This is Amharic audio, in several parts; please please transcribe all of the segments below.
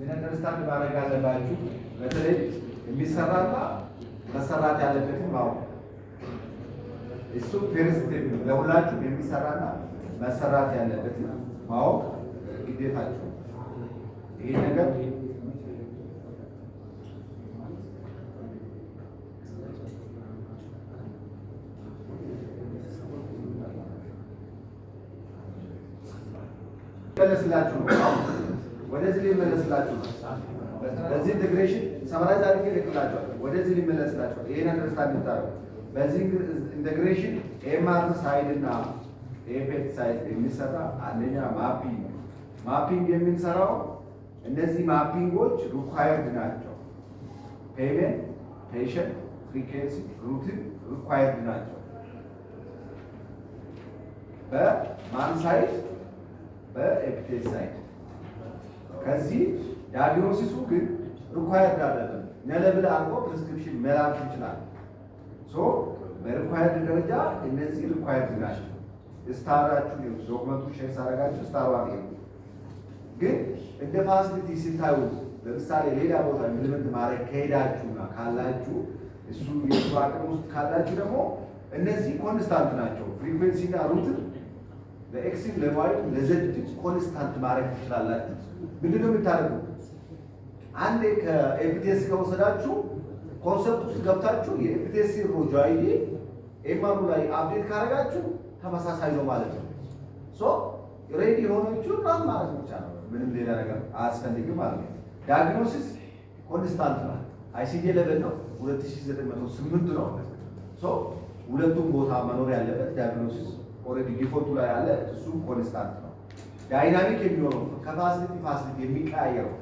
ምን አንደርስታንድ ማድረግ አለባችሁ። በተለይ የሚሰራና መሰራት ያለበትን ማወቅ እሱ ፌርስት ለሁላችሁም የሚሰራና መሰራት ያለበትን ማወቅ ግዴታችሁ። ይሄ ነገር ገለስላችሁ ነው። ወደዚህ ሊመለስላችሁ በዚህ ኢንቴግሬሽን ሰማራይዝ አድርጌ ወደዚህ ሊመለስላችኋል። በዚህ ኢንቴግሬሽን ኤምአር ሳይድ እና ኤፌክት ሳይድ የሚሰራ አንደኛ ማፒንግ ማፒንግ የምንሰራው እነዚህ ማፒንጎች ሪኳየርድ ናቸው። ፔይመንት፣ ፔሽንት፣ ፍሪኬንሲ፣ ሪኳየርድ ናቸው። በማን ሳይድ በኤፕቴት ሳይድ ከዚህ ዳያግኖሲሱ ግን ሪኳየርድ አይደለም። ነለብል አርጎ ፕሪስክሪፕሽን መላክ ይችላል። ሶ በሪኳየርድ ደረጃ እነዚህ ሪኳየርድ ናቸው። ስታራችሁ ዶክመንቱ ሼር ሳረጋችሁ ስታራ ዋን ግን እንደ ፋሲሊቲ ሲታዩ ለምሳሌ ሌላ ቦታ ኢምፕሊመንት ማድረግ ከሄዳችሁና ካላችሁ እሱ የሱ አቅም ውስጥ ካላችሁ ደግሞ እነዚህ ኮንስታንት ናቸው። ፍሪኩዌንሲና ሩትን ለኤክስም ለዋይ ለዘድ ኮንስታንት ማድረግ ትችላላችሁ። ምንድን ነው የምታደርጉ? አንዴ ከኤቪዴንስ ከወሰዳችሁ ኮንሰፕት ውስጥ ገብታችሁ የኤቪዴንስ ሮጃ አይዲ ኤማኑ ላይ አፕዴት ካደረጋችሁ ተመሳሳይ ነው ማለት ነው። ሶ ሬዲ የሆነችው ራ ማለት ብቻ ነው። ምንም ሌላ ነገር አያስፈልግም ማለት ነው። ዳያግኖሲስ ኮንስታንት ነው። አይሲዲ ለበል ነው 2908 ነው። ሶ ሁለቱም ቦታ መኖር ያለበት ዳያግኖሲስ ኦልሬዲ ዲፎልቱ ላይ ያለ እሱ ኮንስታንት ነው። ዳይናሚክ የሚሆነው ከፋሲሊቲ ፋሲሊቲ የሚቀያየረው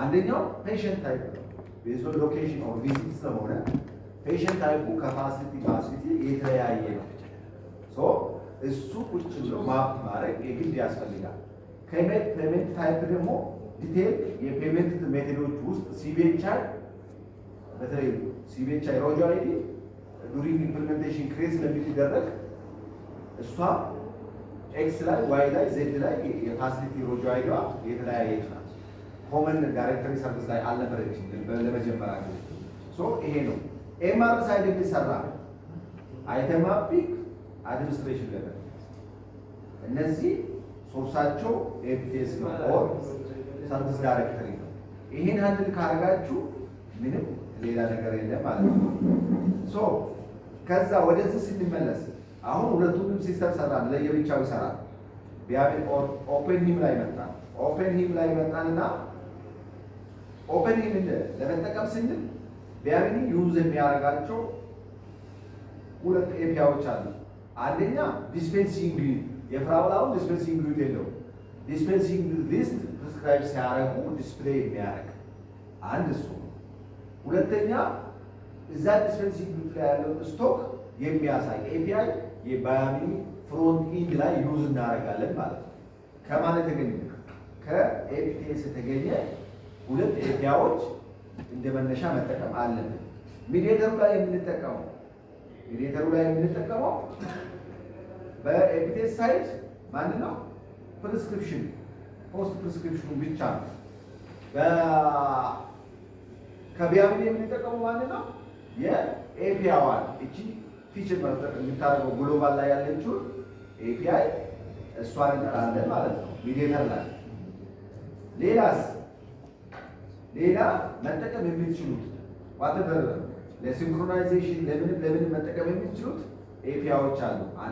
አንደኛው ፔሽንት ታይፕ ነው። ቤዝድ ሎኬሽን ኦር ቪዚት ስለሆነ ፔሽንት ታይፑ ከፋሲሊቲ ፋሲሊቲ የተለያየ ነው። ሶ እሱ ቁጭ ብሎ ማፕ ማድረግ የግድ ያስፈልጋል። ከፔመንት ታይፕ ደግሞ ዲቴል የፔመንት ሜቶዶች ውስጥ ሲቤቻይ በተለይ ሲቤቻይ ሮጃ ዱሪንግ ኢምፕሊሜንቴሽን ክሬት ስለሚደረግ እሷ ኤክስ ላይ ዋይ ላይ ዜድ ላይ የፋሲሊቲ ሮጃይዋ የተለያየች ናት። ኮመን ዳይሬክተሪ ሰርቪስ ላይ አልነበረችም ለመጀመሪያ ጊዜ። ይሄ ነው ኤምአር ሳይድ የሚሰራ አይተማ ፒክ አድሚኒስትሬሽን ለበ እነዚህ ሶርሳቸው ኤፒኤስ ነው ኦር ሰርቪስ ዳይሬክተሪ ነው። ይህን ሀንድል ካረጋችሁ ምንም ሌላ ነገር የለም ማለት ነው። ሶ ከዛ ወደዚህ ስንመለስ አሁን ሁለቱንም ሲስተም ሰራን፣ ለየብቻው ይሰራል። ኦፕን ሂም ላይ መጣ። ኦፕን ሂም ላይ መጣና መጣንና ኦፔንሂም ለመጠቀም ስንል ቢያብል ዩዝ የሚያደርጋቸው ሁለት ኤፒያዎች አሉ። አንደኛ ዲስፔንሲንግ የፍራውላውን ዲስፔንሲንግ ሪድ የለውም። ዲስፔንሲንግ ሊስት ፕሪስክራይብ ሲያደርጉ ዲስፕሌይ የሚያደርግ አንድ እሱ። ሁለተኛ እዛ ዲስፔንሲንግ ሪድ ላይ ያለው ስቶክ የሚያሳይ ኤፒአይ የባያሚ ፍሮንት ኢንድ ላይ ዩዝ እናደርጋለን ማለት ነው። ከማን የተገኘ ከኤፒቴስ የተገኘ ሁለት ኤፒአዎች እንደ መነሻ መጠቀም አለን። ሚዲየተሩ ላይ የምንጠቀመው ሚዲየተሩ ላይ የምንጠቀመው በኤፒቴስ ሳይድ ማን ነው? ፕሪስክሪፕሽን ፖስት ፕሪስክሪፕሽኑ ብቻ ነው። ከቢያሚን የምንጠቀመው ማን ነው? የኤፒያዋን እቺ ፊችር የምታደርገው ግሎባል ላይ ያለችውን ኤፒአይ እሷን እንጠራለን ማለት ነው። ሚዲተር ላይ ሌላስ ሌላ መጠቀም የምትችሉት ዋተበር ለሲንክሮናይዜሽን ለምንም ለምንም መጠቀም የምትችሉት ኤፒአዎች አሉ።